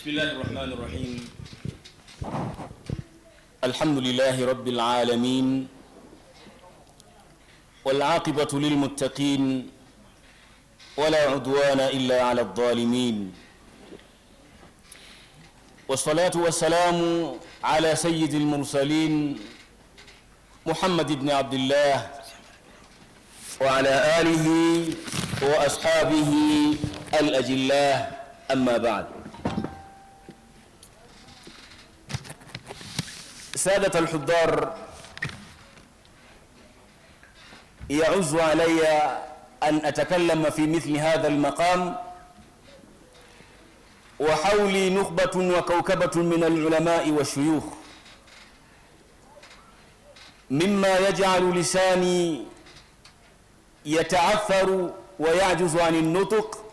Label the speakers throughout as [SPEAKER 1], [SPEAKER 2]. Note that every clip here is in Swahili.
[SPEAKER 1] بسم الله الرحمن الرحيم الحمد لله رب العالمين والعاقبة للمتقين ولا عدوان إلا على الظالمين والصلاة والسلام على سيد المرسلين محمد بن عبد الله وعلى آله وأصحابه الأجلاء أما بعد سادة الحضار يعز علي أن أتكلم في مثل هذا المقام وحولي نخبة وكوكبة من العلماء والشيوخ مما يجعل لساني يتعثر ويعجز عن النطق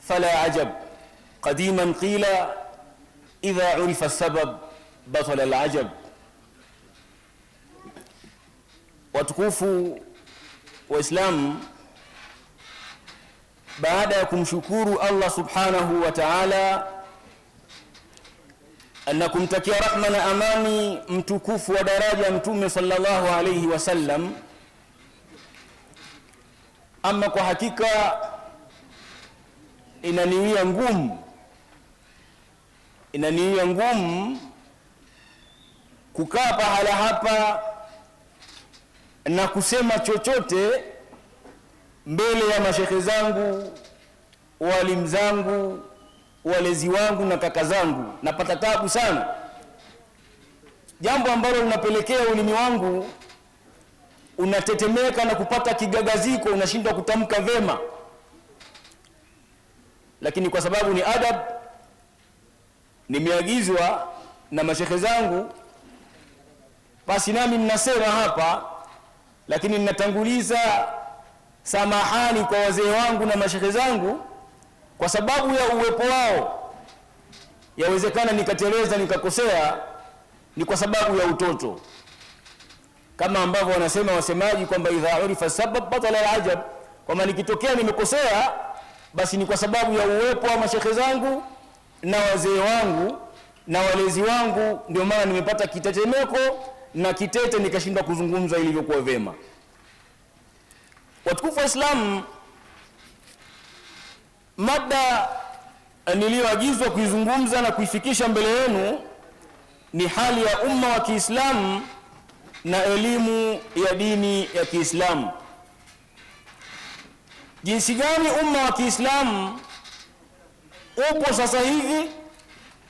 [SPEAKER 1] فلا عجب قديما قيل إذا عرف السبب batal alajab. Watukufu Waislamu, baada ya kumshukuru Allah subhanahu wa ta'ala na kumtakia rahma na amani mtukufu wa daraja Mtume sallallahu alayhi wasallam. Ama kwa hakika inaniwia ngumu, inaniwia ngumu kukaa pahala hapa na kusema chochote mbele ya mashehe zangu, walimu zangu, walezi wangu na kaka zangu, napata tabu sana, jambo ambalo linapelekea ulimi wangu unatetemeka na kupata kigagaziko, unashindwa kutamka vema, lakini kwa sababu ni adab, nimeagizwa na mashehe zangu basi nami ninasema hapa, lakini ninatanguliza samahani kwa wazee wangu na mashehe zangu, kwa sababu ya uwepo wao. Yawezekana nikateleza nikakosea, ni kwa sababu ya utoto, kama ambavyo wanasema wasemaji kwamba idha urifa sabab batala alajab, kwamba nikitokea nimekosea, basi ni kwa sababu ya uwepo wa mashehe zangu na wazee wangu na walezi wangu, ndio maana nimepata kitetemeko na kitete nikashindwa kuzungumza ilivyokuwa vyema. Watukufu wa Islamu, mada niliyoagizwa kuizungumza na kuifikisha mbele yenu ni hali ya umma wa Kiislamu na elimu ya dini ya Kiislamu. Jinsi gani umma wa Kiislamu upo sasa hivi,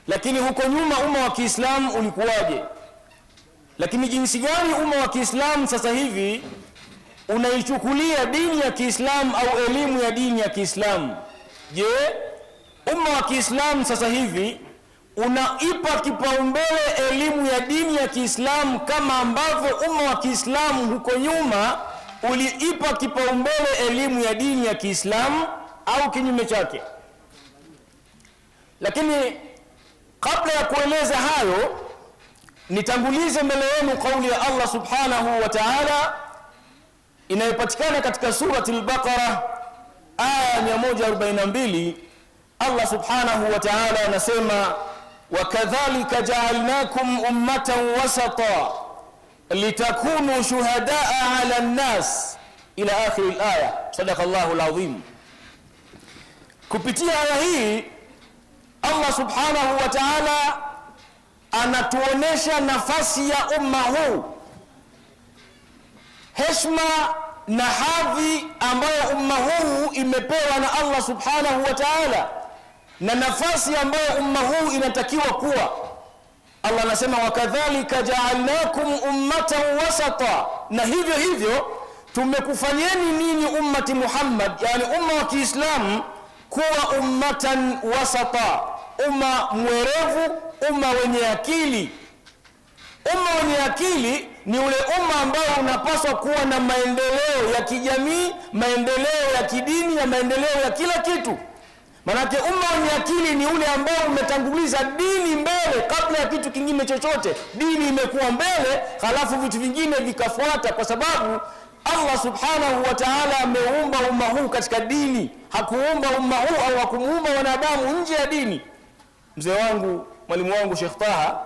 [SPEAKER 1] lakini huko nyuma umma wa Kiislamu ulikuwaje? Lakini jinsi gani umma wa Kiislamu sasa hivi unaichukulia dini ya Kiislamu au elimu ya dini ya Kiislamu? Je, umma wa Kiislamu sasa hivi unaipa kipaumbele elimu ya dini ya Kiislamu kama ambavyo umma wa Kiislamu huko nyuma uliipa kipaumbele elimu ya dini ya Kiislamu au kinyume chake? Lakini kabla ya kueleza hayo Nitangulize mbele yenu kauli ya Allah subhanahu wa ta'ala inayopatikana katika surati al-Baqara aya 142. Allah subhanahu wa ta'ala anasema, wakadhalika ja'alnakum ummatan wasata litakunu shuhadaa 'ala an-nas ila akhir al-aya. Sadaqa al-azim. Kupitia aya hii Allah subhanahu wa ta'ala anatuonesha nafasi ya umma huu, heshma na hadhi ambayo umma huu imepewa na Allah subhanahu wa ta'ala, na nafasi ambayo umma huu inatakiwa kuwa. Allah anasema wakadhalika ja'alnakum ummatan wasata, na hivyo hivyo tumekufanyeni nini ummati Muhammad, yani umma wa Kiislamu kuwa ummatan wasata, umma mwerevu umma wenye akili. Umma wenye akili ni ule umma ambao unapaswa kuwa na maendeleo ya kijamii, maendeleo ya kidini na maendeleo ya kila kitu. manake umma wenye akili ni ule ambao umetanguliza dini mbele kabla ya kitu kingine chochote. Dini imekuwa mbele, halafu vitu vingine vikafuata, kwa sababu Allah subhanahu wa ta'ala ameumba umma huu katika dini. Hakuumba umma huu au hakumuumba wanadamu nje ya dini. Mzee wangu mwalimu wangu Sheikh Taha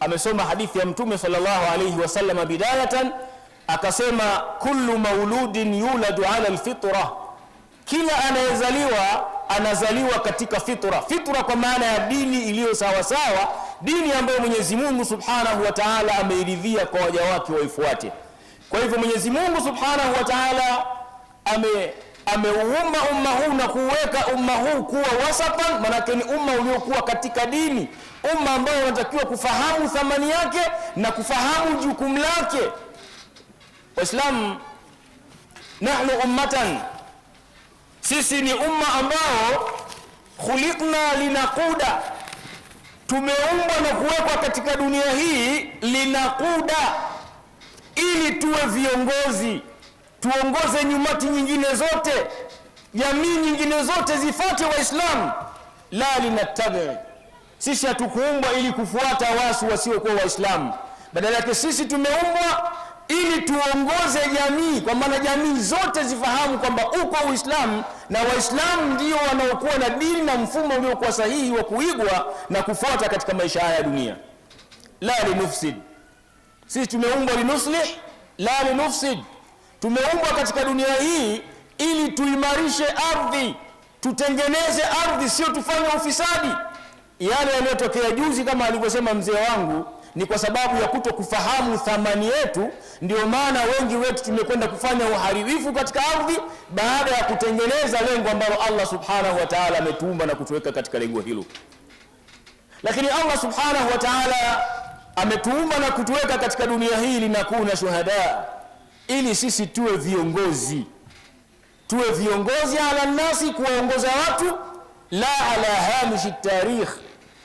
[SPEAKER 1] amesoma hadithi ya Mtume sallallahu alayhi wasallam bidayatan, akasema kullu mauludin yuladu ala alfitra, kila anayezaliwa anazaliwa katika fitra. Fitra kwa maana ya dini iliyo sawasawa, dini ambayo Mwenyezi Mungu subhanahu wa taala ameiridhia kwa waja wake waifuate. Kwa hivyo Mwenyezi Mungu subhanahu wa taala ame ameuumba umma huu na kuweka umma huu kuwa wasatan, manake ni umma uliokuwa katika dini, umma ambao unatakiwa kufahamu thamani yake na kufahamu jukumu lake. waislam nahnu ummatan, sisi ni umma ambao khuliqna linakuda tumeumbwa na kuwekwa katika dunia hii linakuda ili tuwe viongozi tuongoze nyumati nyingine zote, jamii nyingine zote zifuate Waislamu. La linatabii, sisi hatukuumbwa ili kufuata wasu wasiokuwa Waislamu, badala yake sisi tumeumbwa ili tuongoze jamii, kwa maana jamii zote zifahamu kwamba uko Uislamu na Waislamu ndio wanaokuwa na dini na mfumo uliokuwa sahihi wa kuigwa na kufuata katika maisha haya ya dunia. La linufsid, sisi tumeumbwa linusli, la linufsid Tumeumbwa katika dunia hii ili tuimarishe ardhi, tutengeneze ardhi, sio tufanye ufisadi. Yale yaliyotokea juzi, kama alivyosema mzee wangu, ni kwa sababu ya kuto kufahamu thamani yetu. Ndio maana wengi wetu tumekwenda kufanya uharibifu katika ardhi baada ya kutengeneza lengo ambalo Allah subhanahu wa ta'ala ametuumba na kutuweka katika lengo hilo. Lakini Allah subhanahu wa ta'ala ametuumba na kutuweka katika dunia hii na shuhada ili sisi tuwe viongozi, tuwe viongozi ala nasi, kuwaongoza watu, la ala hamishi tarikh.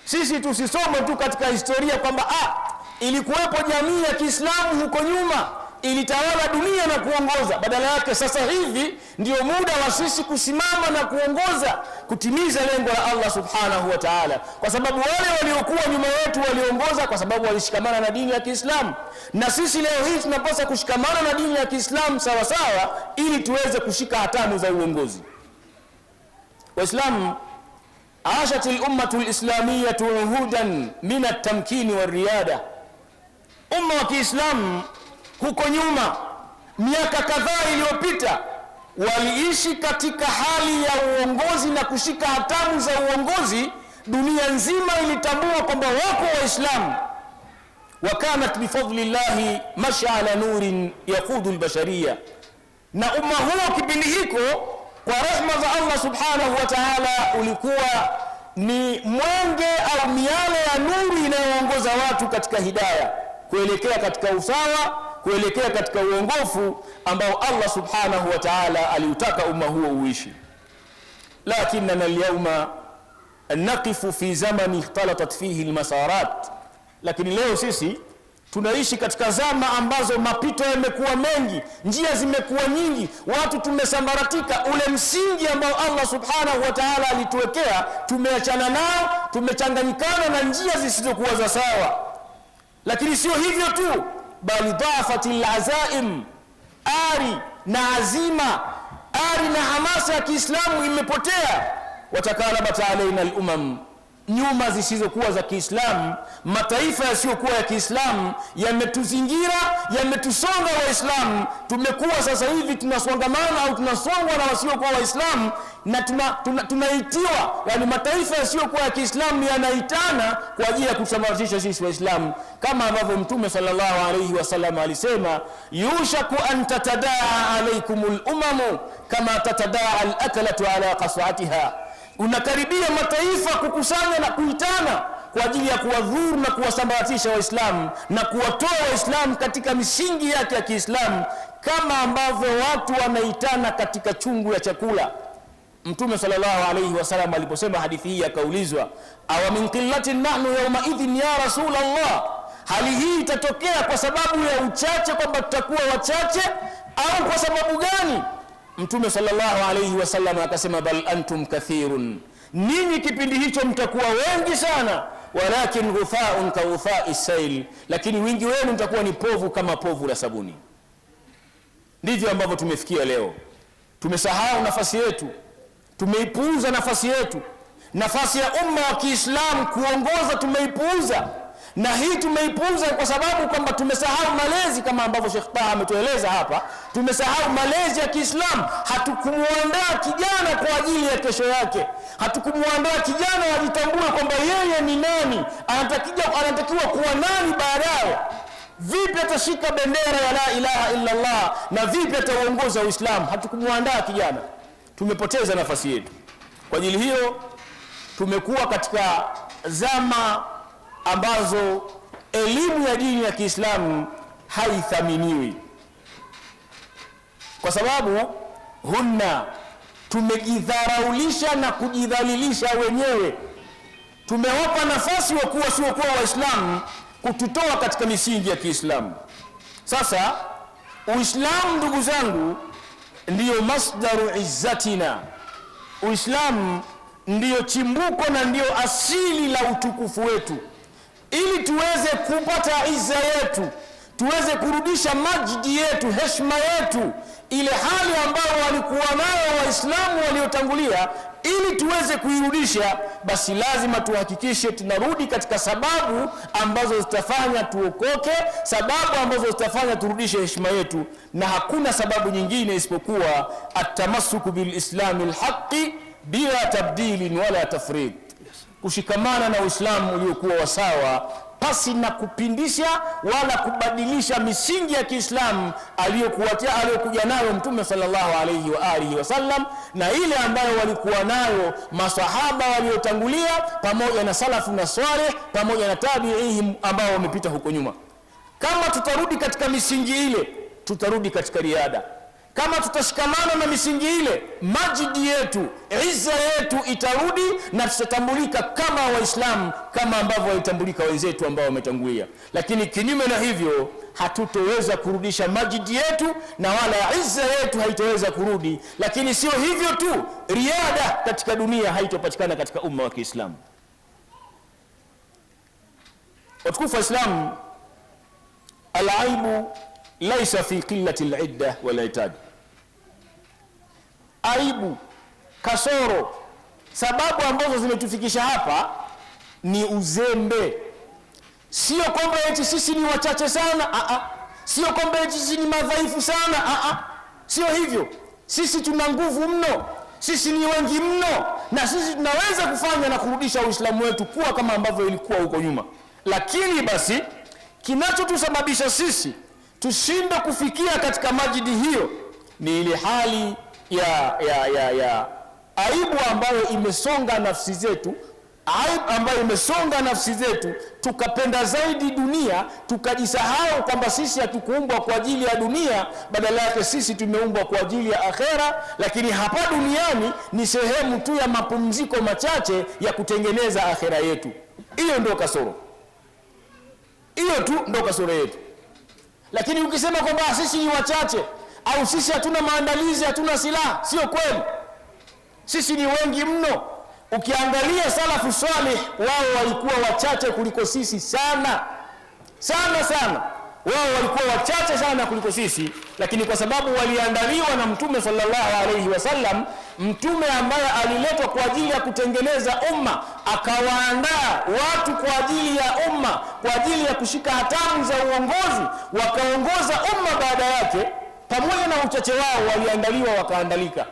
[SPEAKER 1] Sisi tusisome tu katika historia kwamba ah, ilikuwepo jamii ya Kiislamu huko nyuma ilitawala dunia na kuongoza. Badala yake sasa hivi ndio muda wa sisi kusimama na kuongoza kutimiza lengo la Allah subhanahu wa ta'ala, kwa sababu wale waliokuwa nyuma yetu waliongoza kwa sababu walishikamana na dini ya Kiislamu, na sisi leo hii tunapaswa kushikamana na dini ya Kiislamu sawa sawa, ili tuweze kushika hatamu za uongozi. Waislamu, ashat al-ummatu al-islamiyatu uhudan min at-tamkini riyada umma wa Kiislamu huko nyuma, miaka kadhaa iliyopita, waliishi katika hali ya uongozi na kushika hatamu za uongozi. Dunia nzima ilitambua kwamba wako Waislamu. Wakanat bifadli llahi mash'ala nurin yaqudu lbasharia na umma huo kipindi hiko kwa rehma za Allah subhanahu wa ta'ala ulikuwa ni mwenge au miale ya nuru inayoongoza watu katika hidaya kuelekea katika usawa kuelekea katika uongofu ambao Allah subhanahu wa ta'ala aliutaka umma huo uishi. lakinana alyawma naqifu fi zamani ikhtalatat fihi almasarat, lakini leo sisi tunaishi katika zama ambazo mapito yamekuwa mengi, njia zimekuwa nyingi, watu tumesambaratika. Ule msingi ambao Allah subhanahu wa ta'ala alituwekea tumeachana nao, tumechanganyikana na njia zisizokuwa za sawa. Lakini sio hivyo tu bali dhafati lazaim, ari na azima, ari na hamasa ya Kiislamu imepotea. watakalabat alaina lumam nyuma zisizokuwa za Kiislamu, mataifa yasiyokuwa ya Kiislamu yametuzingira, yametusonga Waislamu. Tumekuwa sasa hivi tunasongamana au tunasongwa na wasiokuwa Waislamu na tunaitiwa tuna, tuna yani, mataifa yasiyokuwa ya Kiislamu yanaitana kwa ajili ya kusambaratisha sisi Waislamu, kama ambavyo Mtume sallallahu alayhi wasallam alisema, yushaku an tatadaa alaykumul umamu kama tatadaa alakalatu ala qas'atiha unakaribia mataifa kukusanya na kuitana kwa ajili ya kuwadhuru na kuwasambaratisha Waislamu na kuwatoa Waislamu katika misingi yake ya Kiislamu, kama ambavyo watu wanaitana katika chungu ya chakula. Mtume sallallahu alayhi wasallam aliposema hadithi hii, akaulizwa awa min qillatin nahnu yawma idhin ya allah hali hii itatokea kwa sababu ya uchache, kwamba tutakuwa wachache, au kwa sababu gani? Mtume sallallahu alayhi wasallam akasema, bal antum kathirun, ninyi kipindi hicho mtakuwa wengi sana, walakin ghufaun ka ghufai sail, lakini wingi wenu mtakuwa ni povu kama povu la sabuni. Ndivyo ambavyo tumefikia leo. Tumesahau nafasi yetu, tumeipuuza nafasi yetu, nafasi ya umma wa Kiislamu kuongoza tumeipuuza na hii tumeipunza kwa sababu kwamba tumesahau malezi, kama ambavyo Sheikh Taha ametueleza hapa. Tumesahau malezi ya Kiislamu, hatukumuandaa kijana kwa ajili ya kesho yake, hatukumuandaa kijana ajitambue kwamba yeye ni nani, anatakiwa kuwa nani baadaye. Vipi atashika bendera ya la ilaha illa Allah na vipi atauongoza Uislamu? Hatukumuandaa kijana, tumepoteza nafasi yetu. Kwa ajili hiyo tumekuwa katika zama ambazo elimu ya dini ya Kiislamu haithaminiwi, kwa sababu hunna, tumejidharaulisha na kujidhalilisha wenyewe, tumewapa nafasi wakuwa siokuwa Waislamu kututoa katika misingi ya Kiislamu. Sasa Uislamu, ndugu zangu, ndiyo masdaru izzatina. Uislamu ndiyo chimbuko na ndiyo asili la utukufu wetu ili tuweze kupata iza yetu, tuweze kurudisha majidi yetu, heshima yetu, ile hali ambayo walikuwa nayo Waislamu waliotangulia. Ili tuweze kuirudisha, basi lazima tuhakikishe tunarudi katika sababu ambazo zitafanya tuokoke, sababu ambazo zitafanya turudishe heshima yetu, na hakuna sababu nyingine isipokuwa atamasuku bilislami lhaqi bila tabdilin wala tafrid kushikamana na Uislamu uliokuwa wasawa pasi na kupindisha wala kubadilisha misingi ya Kiislamu aliyokuja nayo Mtume sallallahu alaihi wa alihi wasallam, na ile ambayo walikuwa nayo masahaba waliotangulia pamoja na salafu na swaleh pamoja na tabiihim ambao wamepita huko nyuma. Kama tutarudi katika misingi ile, tutarudi katika riada. Kama tutashikamana na misingi ile, majidi yetu, izza yetu itarudi na tutatambulika kama Waislamu kama ambavyo walitambulika wenzetu ambao wametangulia. Lakini kinyume na hivyo, hatutoweza kurudisha majidi yetu na wala izza yetu haitoweza kurudi. Lakini sio hivyo tu, riada katika dunia haitopatikana katika umma wa Kiislamu. Watukufu waislamu alaibu laisa fi qillati lidda wala aibu, kasoro, sababu ambazo zimetufikisha hapa ni uzembe. Sio kwamba eti sisi ni wachache sana, a a, sio kwamba eti sisi ni madhaifu sana, a a, sio hivyo. Sisi tuna nguvu mno, sisi ni wengi mno, na sisi tunaweza kufanya na kurudisha Uislamu wetu kuwa kama ambavyo ilikuwa huko nyuma, lakini basi kinachotusababisha sisi tushindwe kufikia katika majidi hiyo ni ile hali ya, ya, ya, ya aibu ambayo imesonga nafsi zetu, aibu ambayo imesonga nafsi zetu, tukapenda zaidi dunia, tukajisahau kwamba sisi hatukuumbwa kwa ajili ya dunia, badala yake sisi tumeumbwa kwa ajili ya akhera. Lakini hapa duniani ni sehemu tu ya mapumziko machache ya kutengeneza akhera yetu. Hiyo ndio kasoro, hiyo tu ndio kasoro yetu. Lakini ukisema kwamba sisi ni wachache au sisi hatuna maandalizi, hatuna silaha? Sio kweli, sisi ni wengi mno. Ukiangalia salafu salih, wao walikuwa wachache kuliko sisi sana sana sana, wao walikuwa wachache sana kuliko sisi, lakini kwa sababu waliandaliwa na Mtume sallallahu alaihi wasallam, mtume ambaye aliletwa kwa ajili ya kutengeneza umma, akawaandaa watu kwa ajili ya umma, kwa ajili ya kushika hatamu za uongozi, wakaongoza umma baada yake pamoja na uchache wao waliandaliwa wakaandalika.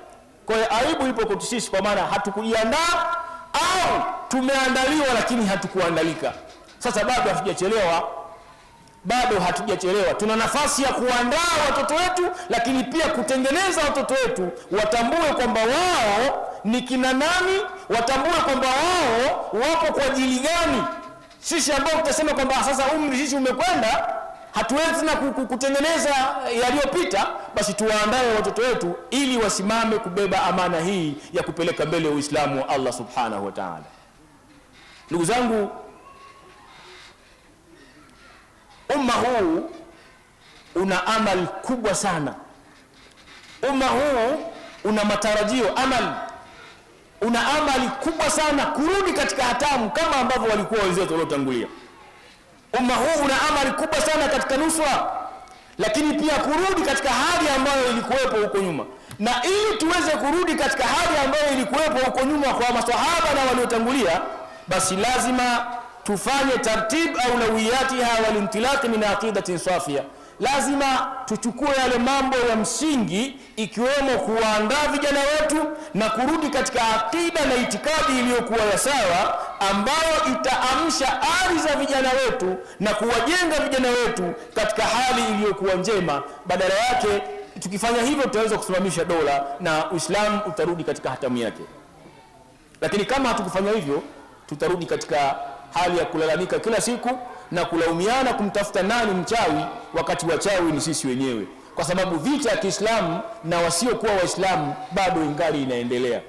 [SPEAKER 1] Kwa hiyo aibu ipo kwetu sisi, kwa maana hatukujiandaa au tumeandaliwa lakini hatukuandalika. Sasa bado hatujachelewa, bado hatujachelewa. Tuna nafasi ya kuandaa watoto wetu, lakini pia kutengeneza watoto wetu watambue kwamba wao ni kina nani, watambue kwamba wao wapo kwa ajili gani. Sisi ambao tutasema kwamba sasa umri sisi umekwenda hatuwezi tena kutengeneza yaliyopita, basi tuwaandae watoto wetu ili wasimame kubeba amana hii ya kupeleka mbele ya Uislamu wa Allah subhanahu wa ta'ala. Ndugu zangu, umma huu una amal kubwa sana. Umma huu una matarajio amal, una amali kubwa sana kurudi katika hatamu kama ambavyo walikuwa wenzetu waliotangulia. Umma huu una amali kubwa sana katika nusra, lakini pia kurudi katika hali ambayo ilikuwepo huko nyuma, na ili tuweze kurudi katika hali ambayo ilikuwepo huko nyuma kwa maswahaba na waliotangulia, basi lazima tufanye tartib aulawiyatiha walintilaqi min aqidatin safia. Lazima tuchukue yale mambo ya msingi, ikiwemo kuwaandaa vijana wetu na kurudi katika aqida na itikadi iliyokuwa ya sawa ambayo itaamsha ari za vijana wetu na kuwajenga vijana wetu katika hali iliyokuwa njema. Badala yake tukifanya hivyo, tutaweza kusimamisha dola na Uislamu utarudi katika hatamu yake, lakini kama hatukufanya hivyo, tutarudi katika hali ya kulalamika kila siku na kulaumiana kumtafuta nani mchawi, wakati wachawi ni sisi wenyewe, kwa sababu vita ya Kiislamu na wasiokuwa Waislamu bado ingali inaendelea.